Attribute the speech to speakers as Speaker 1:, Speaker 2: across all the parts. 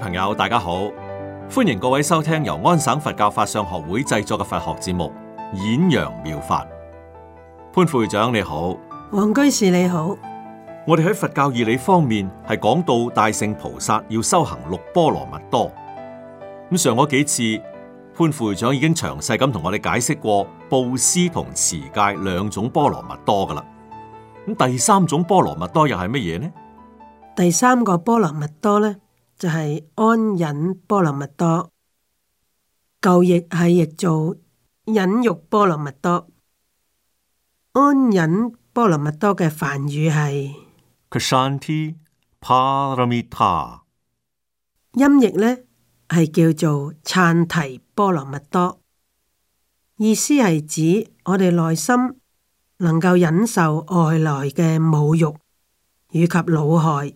Speaker 1: 朋友，大家好，歡迎各位收聽由安省佛教法相學會製作嘅佛學節目《演揚妙、妙法》。潘副會長你好，
Speaker 2: 黃居士你好。
Speaker 1: 我哋喺佛教義理方面係講到大乘菩薩要修行六波羅蜜多。咁上嗰幾次，潘副會長已經詳細咁同我哋解釋過布施同持戒兩種波羅蜜多噶啦。咁第三種波羅蜜多又係乜嘢呢？
Speaker 2: 第三個波羅蜜多呢？就係安忍波羅蜜多，舊譯係譯做忍辱波羅蜜多。安忍波羅蜜多嘅梵語係
Speaker 1: Kshanti Paramita，
Speaker 2: 音譯呢係叫做羼提波羅蜜多。意思係指我哋內心能夠忍受外來嘅侮辱以及惱害。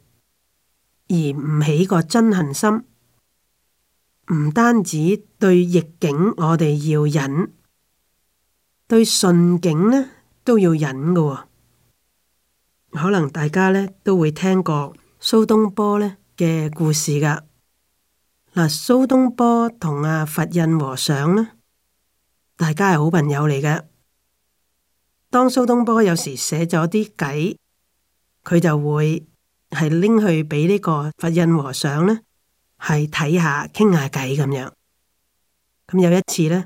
Speaker 2: 而唔起個真恨心，唔單止對逆境我哋要忍，對順境呢都要忍嘅。可能大家呢都會聽過蘇東坡呢嘅故事㗎。嗱，蘇東坡同阿佛印和尚呢，大家係好朋友嚟嘅。當蘇東坡有時寫咗啲偈，佢就會。係拎去俾呢個佛印和尚呢，係睇下傾下偈咁樣。咁有一次呢，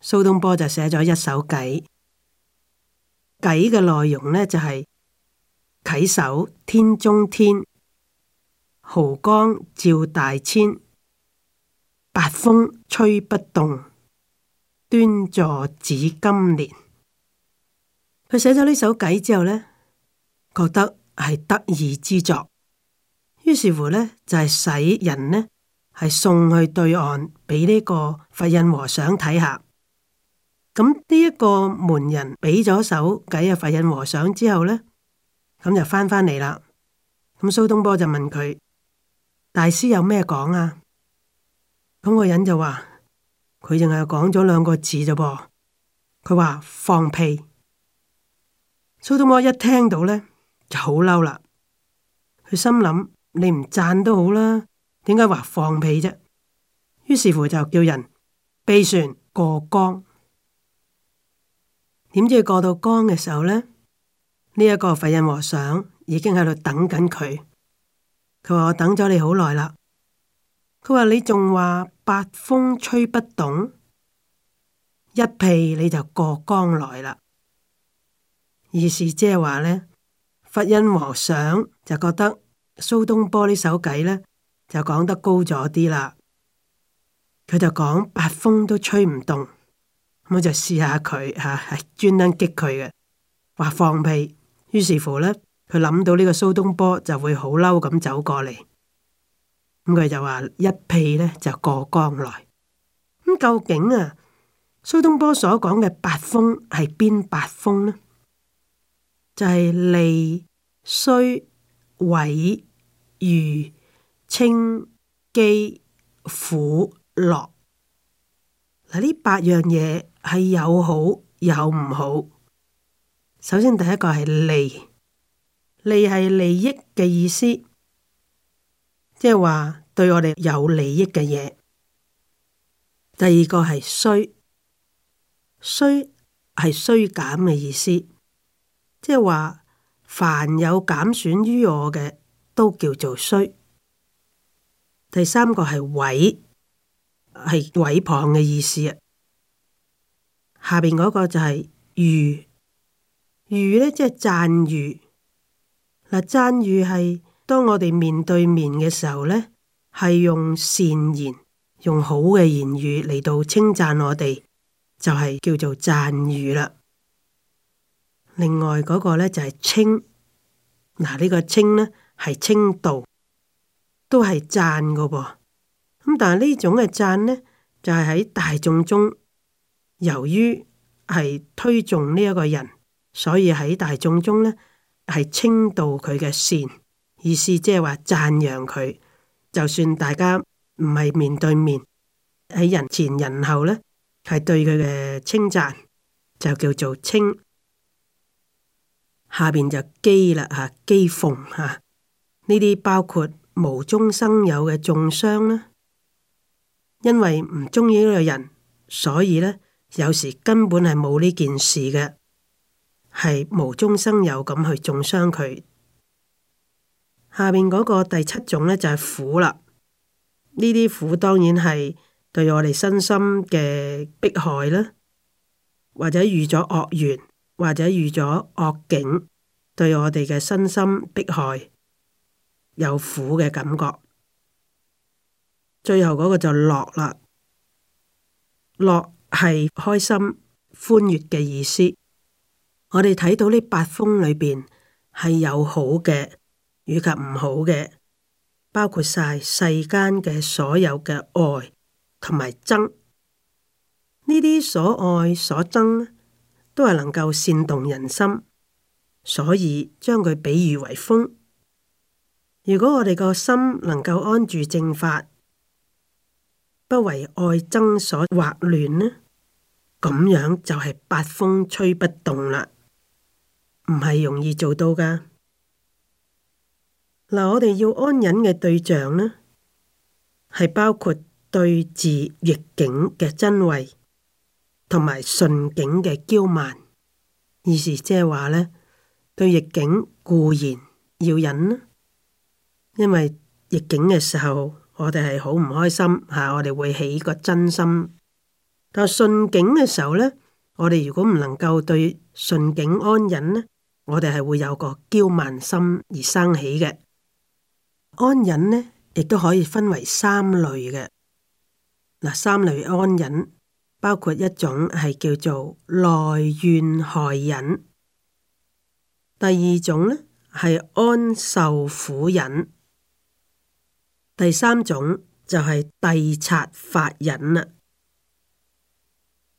Speaker 2: 蘇東坡就寫咗一首偈，偈嘅內容呢，就係、是：稽首天中天，毫光照大千，八風吹不動，端坐紫金蓮。佢寫咗呢首偈之後呢覺得。係得意之作，於是乎呢，就係、是、使人呢，係送去對岸俾呢個佛印和尚睇下，咁呢一個門人俾咗手計啊佛印和尚之後呢，咁、嗯嗯、就翻返嚟啦。咁、嗯、蘇東坡就問佢：大師有咩講啊？咁、嗯嗰個人就話：佢淨係講咗兩個字咋噃，佢話放屁。蘇東坡一聽到呢。就好嬲啦！佢心諗：你唔讚都好啦，點解話放屁啫？於是乎就叫人避船過江。點知過到江嘅時候呢，呢，呢一個佛印和尚已經喺度等緊佢。佢話：我等咗你好耐啦。佢話：你仲話八風吹不動，一屁你就過江來啦。意思即係話呢。佛印和尚就覺得蘇東坡呢首偈呢，就講得高咗啲啦，佢就講八風都吹唔動，咁我就試下佢吓，係、啊啊、專登激佢嘅，話放屁。於是乎呢，佢諗到呢個蘇東坡就會好嬲咁走過嚟，咁、嗯、佢就話一屁呢，就過江來。咁、嗯、究竟啊，蘇東坡所講嘅八風係邊八風呢？就係利、衰、毀、譽、稱、譏、苦、樂嗱，呢八樣嘢係有好有唔好。首先第一個係利，利係利益嘅意思，即係話對我哋有利益嘅嘢。第二個係衰，衰係衰減嘅意思。即係話，凡有減損於我嘅，都叫做衰。第三個係毀，係毀謗嘅意思。下邊嗰個就係譽，譽呢，即係讚譽。嗱，讚譽係當我哋面對面嘅時候呢，係用善言、用好嘅言語嚟到稱讚我哋，就係、是、叫做讚譽啦。另外嗰個呢就係稱，嗱、這、呢個稱呢，係稱道，都係讚㗎噃。咁但係呢種嘅讚呢，就係喺大眾中，由於係推崇呢一個人，所以喺大眾中呢，係稱道佢嘅善，意思即係話讚揚佢。就算大家唔係面對面，喺人前人後呢，係對佢嘅稱讚，就叫做稱。下邊就譏啦，吓譏諷吓，呢啲、啊、包括無中生有嘅中傷啦、啊，因為唔中意呢個人，所以呢，有時根本係冇呢件事嘅，係無中生有咁去中傷佢。下邊嗰個第七種呢，就係、是、苦啦，呢啲苦當然係對我哋身心嘅迫害啦、啊，或者遇咗惡緣。或者遇咗惡境，對我哋嘅身心迫害有苦嘅感覺。最後嗰個就樂啦，樂係開心歡悅嘅意思。我哋睇到，呢八風裏邊係有好嘅，以及唔好嘅，包括晒世間嘅所有嘅愛同埋憎，呢啲所愛所憎都係能夠煽動人心，所以將佢比喻為風。如果我哋個心能夠安住正法，不為愛憎所惑亂呢，咁樣就係八風吹不動啦。唔係容易做到噶。嗱，我哋要安忍嘅對象呢，係包括對治逆境嘅真慧，同埋順境嘅驕慢，意思即係話呢，對逆境固然要忍，因為逆境嘅時候，我哋係好唔開心嚇，我哋會起個真心。但係順境嘅時候呢，我哋如果唔能夠對順境安忍呢，我哋係會有個驕慢心而生起嘅。安忍呢，亦都可以分為三類嘅。嗱，三類安忍。包括一種係叫做耐怨害忍，第二種呢係安受苦忍，第三種就係諦察法忍啦。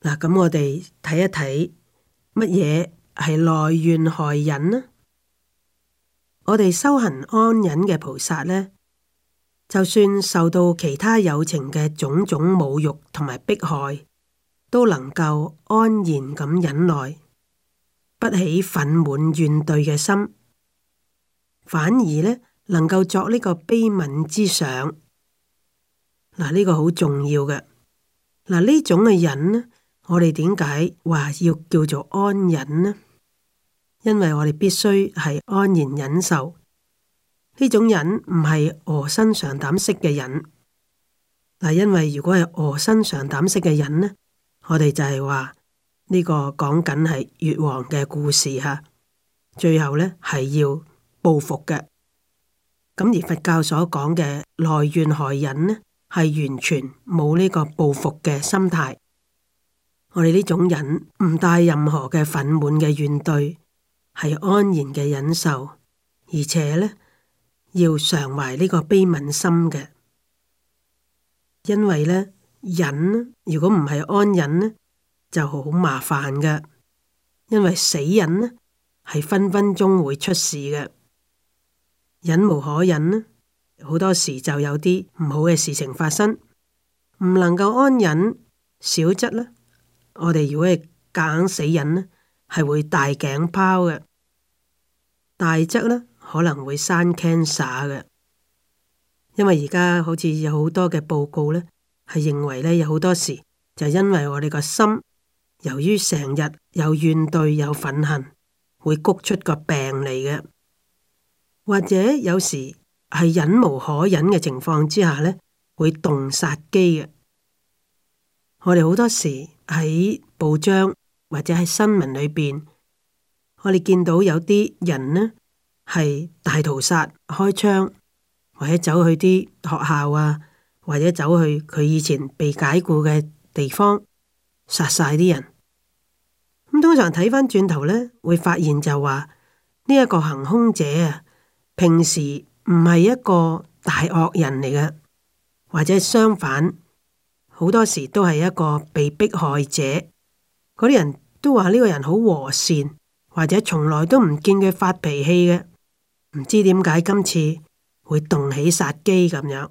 Speaker 2: 嗱，咁我哋睇一睇乜嘢係耐怨害忍呢？我哋修行安忍嘅菩薩呢，就算受到其他有情嘅種種侮辱同埋迫害，都能夠安然咁忍耐，不起憤懣怨懟嘅心，反而呢能夠作呢個悲憫之想。嗱，呢個好重要嘅。嗱，呢種嘅忍呢，我哋點解話要叫做安忍呢？因為我哋必須係安然忍受呢種忍，唔係臥薪嘗膽式嘅忍。嗱，因為如果係臥薪嘗膽式嘅忍呢，我哋就係話呢個講緊係越王嘅故事吓，最後呢係要報復嘅。咁而佛教所講嘅耐怨害忍呢，係完全冇呢個報復嘅心態。我哋呢種忍唔帶任何嘅憤懣嘅怨懟，係安然嘅忍受，而且呢要常懷呢個悲憫心嘅，因為呢。忍如果唔係安忍呢，就好麻煩㗎。因為死忍呢，係分分鐘會出事嘅。忍無可忍呢，好多時就有啲唔好嘅事情發生。唔能夠安忍，小則，呢，我哋如果係硬死忍呢，係會大頸泡嘅。大則，呢，可能會生 cancer 嘅。因為而家好似有好多嘅報告呢。係認為呢，有好多時就因為我哋個心，由於成日有怨對，有憤恨，會谷出個病嚟嘅；或者有時係忍無可忍嘅情況之下呢，會動殺機嘅。我哋好多時喺報章或者喺新聞裏邊，我哋見到有啲人呢係大屠殺開槍，或者走去啲學校啊，或者走去佢以前被解僱嘅地方殺晒啲人，咁通常睇翻轉頭咧，會發現就話呢一個行兇者啊，平時唔係一個大惡人嚟嘅，或者相反，好多時都係一個被迫害者。嗰啲人都話呢個人好和善，或者從來都唔見佢發脾氣嘅，唔知點解今次會動起殺機咁樣。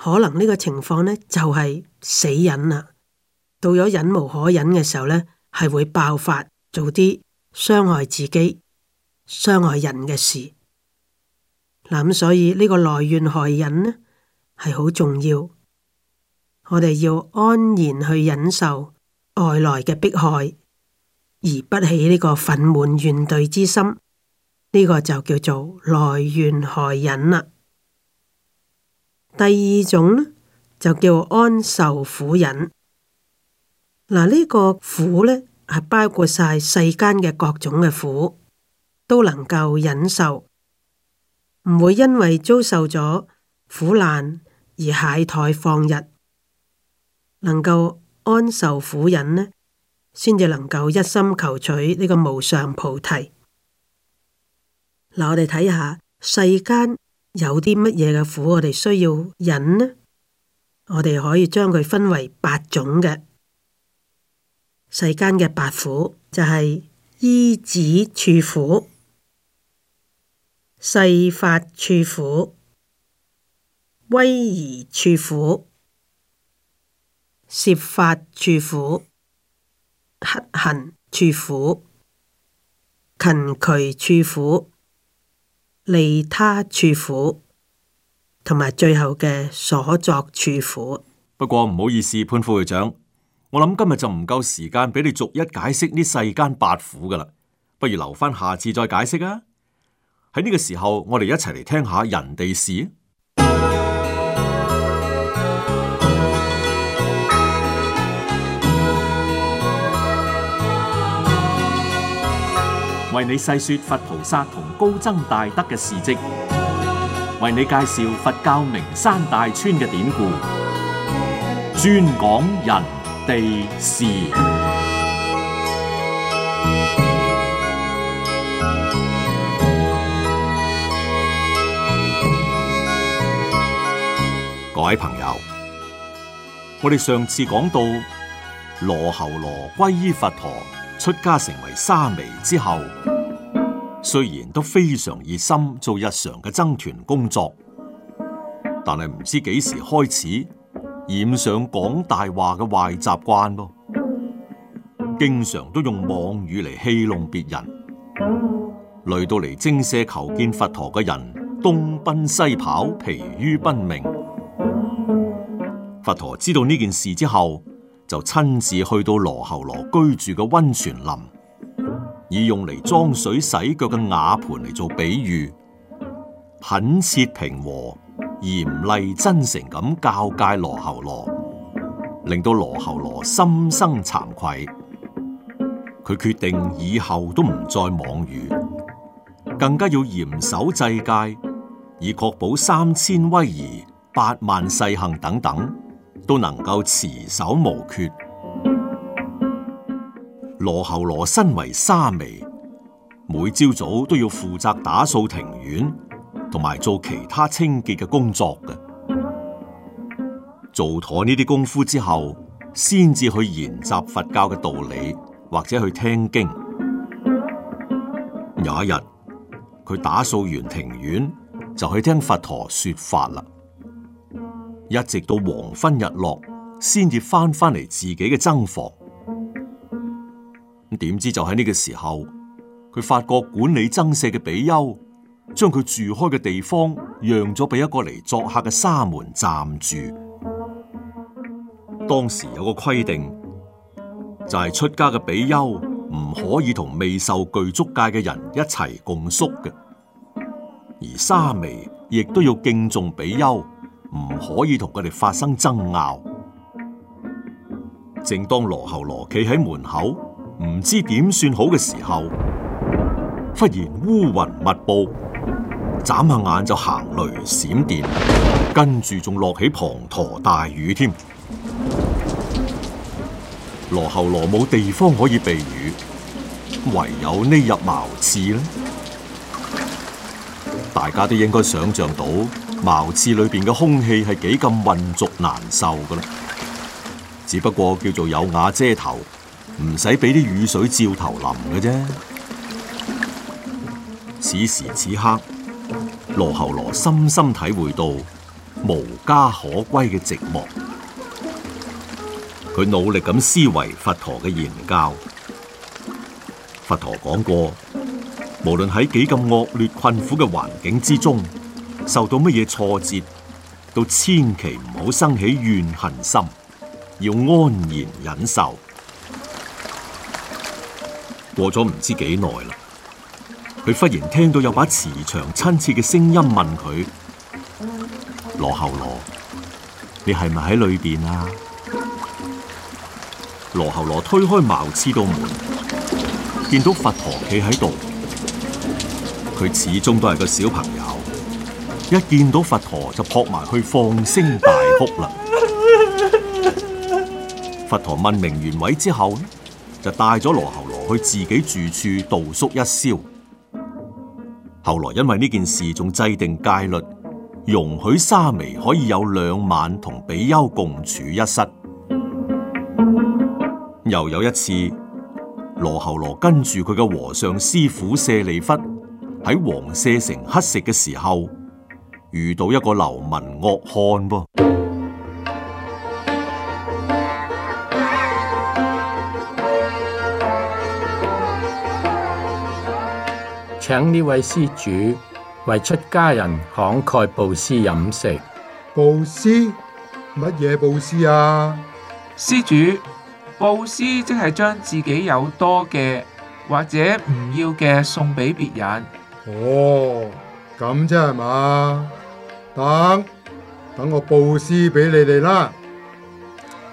Speaker 2: 可能呢個情況呢，就係死忍啦，到咗忍無可忍嘅時候呢，係會爆發做啲傷害自己、傷害人嘅事。嗱，咁所以呢個耐怨害忍呢，係好重要，我哋要安然去忍受外來嘅迫害，而不起呢個憤懣怨懟之心。呢、這個就叫做耐怨害忍啦。第二種呢就叫安受苦忍，嗱、這個、呢個苦呢係包括晒世間嘅各種嘅苦都能夠忍受，唔會因為遭受咗苦難而懈怠放逸，能夠安受苦忍呢，先至能夠一心求取呢個無上菩提。嗱，我哋睇下世間。有啲乜嘢嘅苦，我哋需要忍呢？我哋可以將佢分為八種嘅世間嘅八苦，就係依止處苦、世法處苦、威儀處苦、攝法處苦、乞行處苦、勤劬處苦。利他處苦，同埋最後嘅所作處苦。
Speaker 1: 不過唔好意思，潘副會長，我諗今日就唔夠時間俾你逐一解釋呢世間八苦噶啦，不如留翻下次再解釋啊！喺呢個時候，我哋一齊嚟聽下人哋事，為你細說佛菩薩同。高僧大德嘅事蹟，為你介紹佛教名山大川嘅典故，專講人地事。士各位朋友，我哋上次講到羅睺羅皈依佛陀，出家成為沙彌之後。雖然都非常熱心做日常嘅僧團工作，但係唔知幾時開始染上講大話嘅壞習慣咯，經常都用妄語嚟戲弄別人，累到嚟精舍求見佛陀嘅人東奔西跑，疲於奔命。佛陀知道呢件事之後，就親自去到羅睺羅居住嘅溫泉林。以用嚟裝水洗腳嘅瓦盤嚟做比喻，懇切平和、嚴厲真誠咁教誡羅睺羅，令到羅睺羅心生慚愧。佢決定以後都唔再妄語，更加要嚴守制戒，以確保三千威儀、八萬細行等等都能夠持守無缺。羅睺羅身為沙彌，每朝早都要負責打掃庭院同埋做其他清潔嘅工作嘅。做妥呢啲功夫之後，先至去研習佛教嘅道理，或者去聽經。有一日，佢打掃完庭院，就去聽佛陀說法啦。一直到黃昏日落，先至翻返嚟自己嘅僧房。咁點知就喺呢個時候，佢發覺管理僧舍嘅比丘將佢住開嘅地方讓咗俾一個嚟作客嘅沙門暫住。當時有個規定，就係出家嘅比丘唔可以同未受具足戒嘅人一齊共宿嘅，而沙彌亦都要敬重比丘，唔可以同佢哋發生爭拗。正當羅睺羅企喺門口。唔知點算好嘅時候，忽然烏雲密布，眨下眼就行雷閃電，跟住仲落起滂沱大雨添。羅睺羅冇地方可以避雨，唯有匿入茅廁啦。大家都應該想象到茅廁裏邊嘅空氣係幾咁混濁難受㗎啦，只不過叫做有瓦遮頭。唔使俾啲雨水照頭淋嘅啫。此時此刻，羅睺羅深深體會到無家可歸嘅寂寞。佢努力咁思維佛陀嘅言教。佛陀講過，無論喺幾咁惡劣、困苦嘅環境之中，受到乜嘢挫折，都千祈唔好生起怨恨心，要安然忍受。過咗唔知幾耐啦，佢忽然聽到有把慈祥親切嘅聲音問佢：羅睺羅，你係咪喺裏邊啊？羅睺羅推開茅廁道門，見到佛陀企喺度，佢始終都係個小朋友，一見到佛陀就撲埋去放聲大哭啦。 佛陀問明原委之後，就帶咗羅睺。佢自己住處度宿一宵。後來因為呢件事，仲制定戒律，容許沙彌可以有兩晚同比丘共處一室。又有一次，羅睺羅跟住佢嘅和尚師傅舍利弗喺王舍城乞食嘅時候，遇到一個流氓惡漢噃。
Speaker 3: 請呢位施主為出家人慷慨布施飲食。布施？乜嘢布施啊？施主，布施即係將自己有多嘅或者唔要嘅送俾別人。哦，咁啫係嘛？等，等我布施俾你哋啦。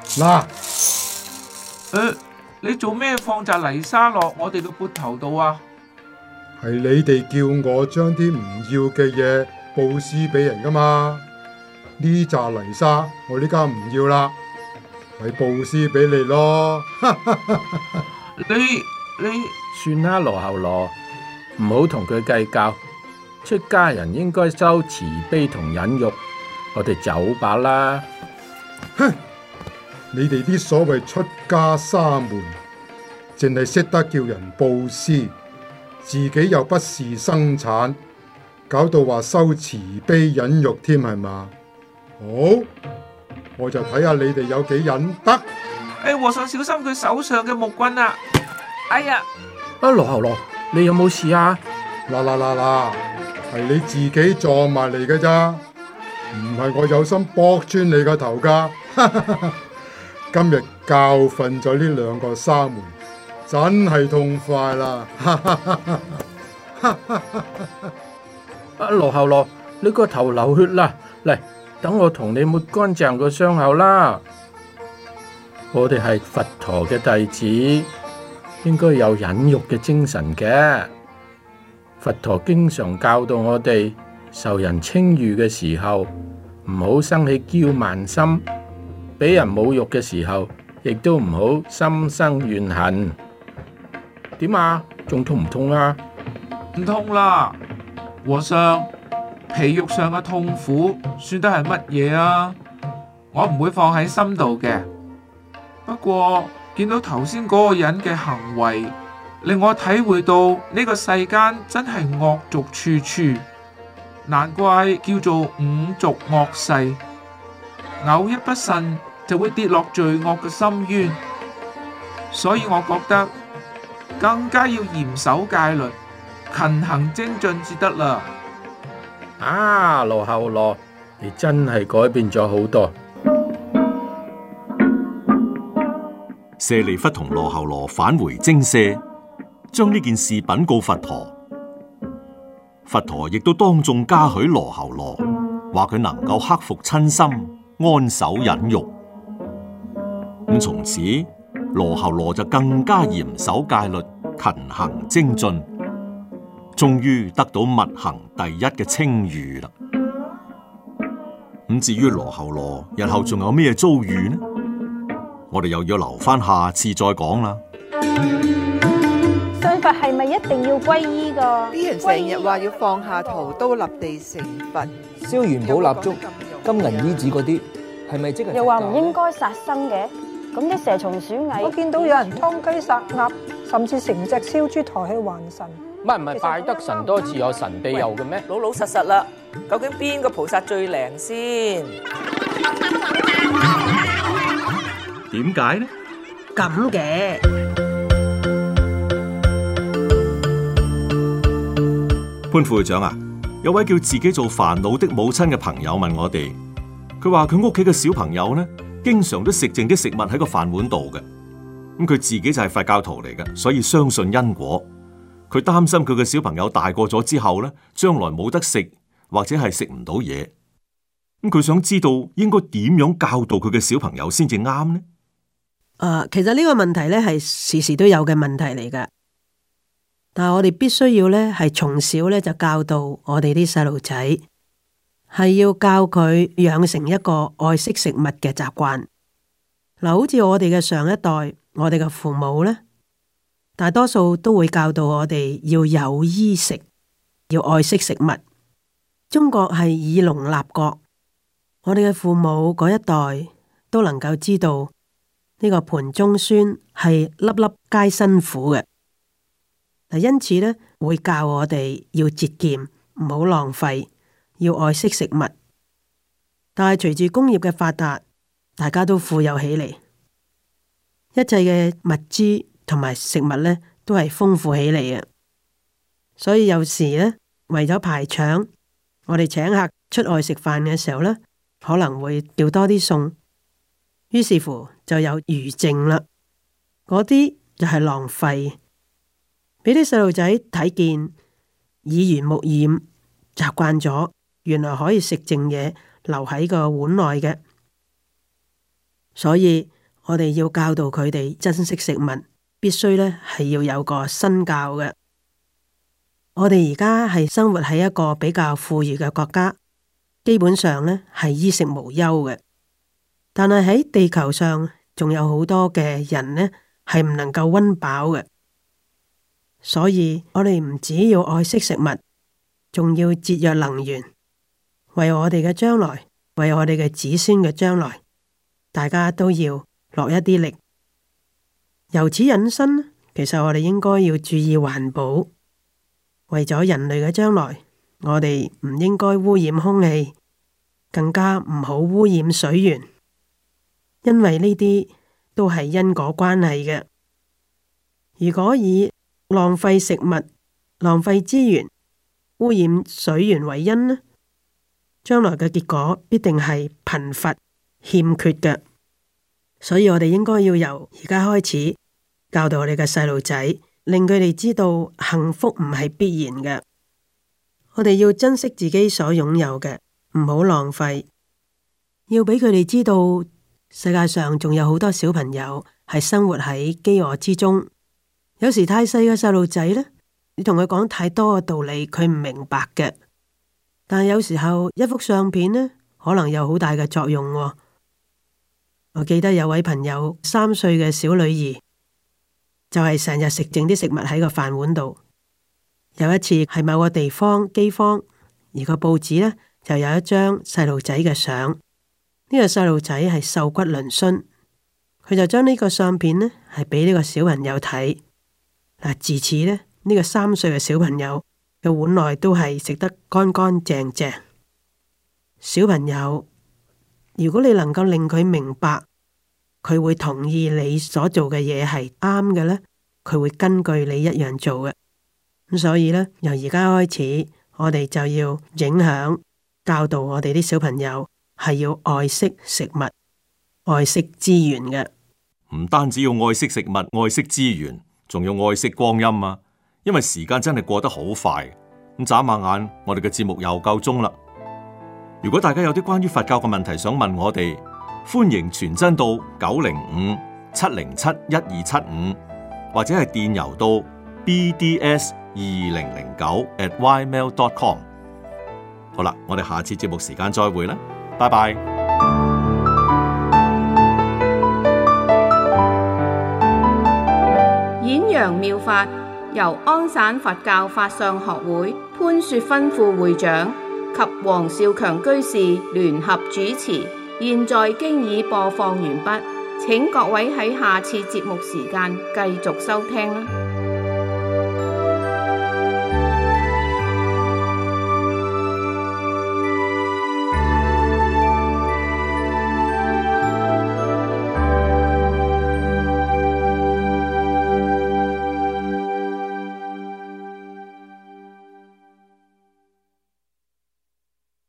Speaker 3: 嗱，誒，你做咩放扎泥沙落我哋嘅鉢頭度啊？係你哋叫我將啲唔要嘅嘢，布施俾人噶嘛？呢扎泥沙我呢家唔要啦，咪布施俾你咯。 你你算啦，羅睺羅，唔好同佢計較。出家人應該修慈悲同忍辱，我哋走吧啦。哼！ 你哋啲所謂出家沙門，淨係識得叫人布施。自己又不是生產，搞到話收慈悲忍辱添，係嘛？好，我就睇下你哋有幾忍得。哎，和尚小心佢手上嘅木棍啊！哎呀，阿羅睺羅，你有冇事啊？嗱嗱嗱嗱，係你自己撞埋嚟嘅咋，唔係我有心駁穿你個頭噶。 今日教訓咗呢兩個沙門。真係痛快啦！哈，哈，哈，哈！阿羅、啊、睺羅，你個頭流血啦，嚟等我同你抹乾淨個傷口啦。我哋係佛陀嘅弟子，應該有忍辱嘅精神嘅。佛陀經常教導我哋，受人稱譽嘅時候唔好生起驕慢心，畀人侮辱嘅時候亦都唔好心生怨恨。點啊？仲痛唔痛啊？唔痛啦，和尚。皮肉上嘅痛苦算得係乜嘢啊？我唔會放喺心度嘅。不過見到頭先嗰個人嘅行為，令我體會到呢個世間真係惡俗處處，難怪叫做五濁惡世。偶一不慎，就會跌落罪惡嘅深淵。所以我覺得。更加要嚴守戒律，勤行精進至得啦！
Speaker 1: 啊，羅喉羅，你真係改變咗好多。舍利弗同羅喉羅返回精舍，將呢件事稟告佛陀。佛陀亦都當眾嘉許羅喉羅，話佢能夠克服親心，安守忍辱。咁從此。羅喉羅就更加嚴守戒律，勤行精進，終於得到密行第一嘅清譽啦。咁至於羅喉羅日後仲有咩遭遇呢？我哋又要留翻下，下次再講啦。
Speaker 3: 信佛係咪一定要皈依噶？啲人成日話要放下屠刀立地成
Speaker 1: 佛，燒元寶蠟燭、金銀衣紙嗰啲，係咪、啊、即係？又話唔
Speaker 2: 應該殺生嘅？咁啲蛇蟲鼠蟻，我見到有人劏雞殺鴨，甚至成隻燒豬抬去還神。
Speaker 3: 唔係唔係，拜得神多自有神庇佑嘅咩？老老實實啦，
Speaker 2: 究竟邊個菩薩最靈先？
Speaker 1: 點解呢？
Speaker 2: 咁嘅
Speaker 1: 潘副會長啊，有位叫自己做煩惱的母親嘅朋友問我哋，佢話佢屋企嘅小朋友呢，經常都食剩啲食物喺個飯碗度嘅，咁佢自己就係佛教徒嚟嘅，所以相信因果。佢擔心佢嘅小朋友大個咗之後咧，將來冇得食或者係食唔到嘢。咁佢想知道應該點樣教導佢嘅小朋友先
Speaker 2: 至啱呢？啊，其實呢個問題咧，係時時都有嘅問題嚟㗎，但係我哋必須要咧，係從小咧就教導我哋啲細路仔。係要教佢養成一個愛惜食物嘅習慣。嗱，好似我哋嘅上一代，我哋嘅父母呢，大多數都會教導我哋要有衣食，要愛惜食物。中國係以農立國，我哋嘅父母嗰一代都能夠知道呢個盤中餐係粒粒皆辛苦嘅。嗱，因此呢，會教我哋要節儉，唔好浪費。要愛惜食物，但係隨住工業嘅發達，大家都富有起嚟，一切嘅物資同埋食物呢，都係豐富起嚟嘅。所以有時呢，為咗排場，我哋請客出外食飯嘅時候呢，可能會叫多啲餸，於是乎就有餘剩啦。嗰啲就係浪費，俾啲細路仔睇見，耳濡目染，習慣咗。原來可以食剩嘢，留喺個碗內嘅，所以我哋要教導佢哋珍惜食物，必須呢係要有個身教嘅。我哋而家係生活喺一個比較富裕嘅國家，基本上呢係衣食無憂嘅，但係喺地球上仲有好多嘅人呢係唔能夠溫飽嘅，所以我哋唔止要愛惜食物，仲要節約能源。為我哋嘅將來，為我哋嘅子孫嘅將來，大家都要落一啲力。由此引申，其實我哋應該要注意環保，為咗人類嘅將來，我哋唔應該污染空氣，更加唔好污染水源，因為呢啲都係因果關係嘅。如果以浪費食物、浪費資源、污染水源為因將來嘅結果必定係貧乏欠缺嘅，所以我哋應該要由而家開始教導我哋嘅細路仔，令佢哋知道幸福唔係必然嘅。我哋要珍惜自己所擁有嘅，唔好浪費。要俾佢哋知道世界上仲有好多小朋友係生活喺飢餓之中。有時太細嘅細路仔呢，你同佢講太多嘅道理，佢唔明白嘅。但係有時候一幅相片呢，可能有好大嘅作用哦。我記得有位朋友三歲嘅小女兒，就係成日食剩啲食物喺個飯碗度。有一次係某個地方饑荒，而個報紙呢，就有一張細路仔嘅相。呢個細路仔係瘦骨嶙峋，佢就將呢個相片呢係俾呢個小朋友睇。嗱，自此呢，呢個三歲嘅小朋友。嘅碗內都係食得乾乾淨淨。小朋友，如果你能夠令佢明白，佢會同意你所做嘅嘢係啱嘅呢，佢會根據你一樣做嘅。咁所以呢，由而家開始，我哋就要影響教導我哋啲小朋友，係要愛惜食物、愛惜資源嘅。
Speaker 1: 唔單止要愛惜食物、愛惜資源，仲要愛惜光陰啊！因為時間真係過得好快，眨下眼，我哋嘅節目又夠鐘啦。如果大家有啲關於佛教嘅問題想問我哋，歡迎傳真到九零五七零七一二七五，或者係電郵到 bds 二零零九 @ymail.com。好啦，我哋下次節目時間再會啦，拜拜。
Speaker 2: 演揚妙法。由安省佛教法相學會潘雪芬副會長及黃少強居士聯合主持，現在經已播放完畢，請各位喺下次節目時間繼續收聽。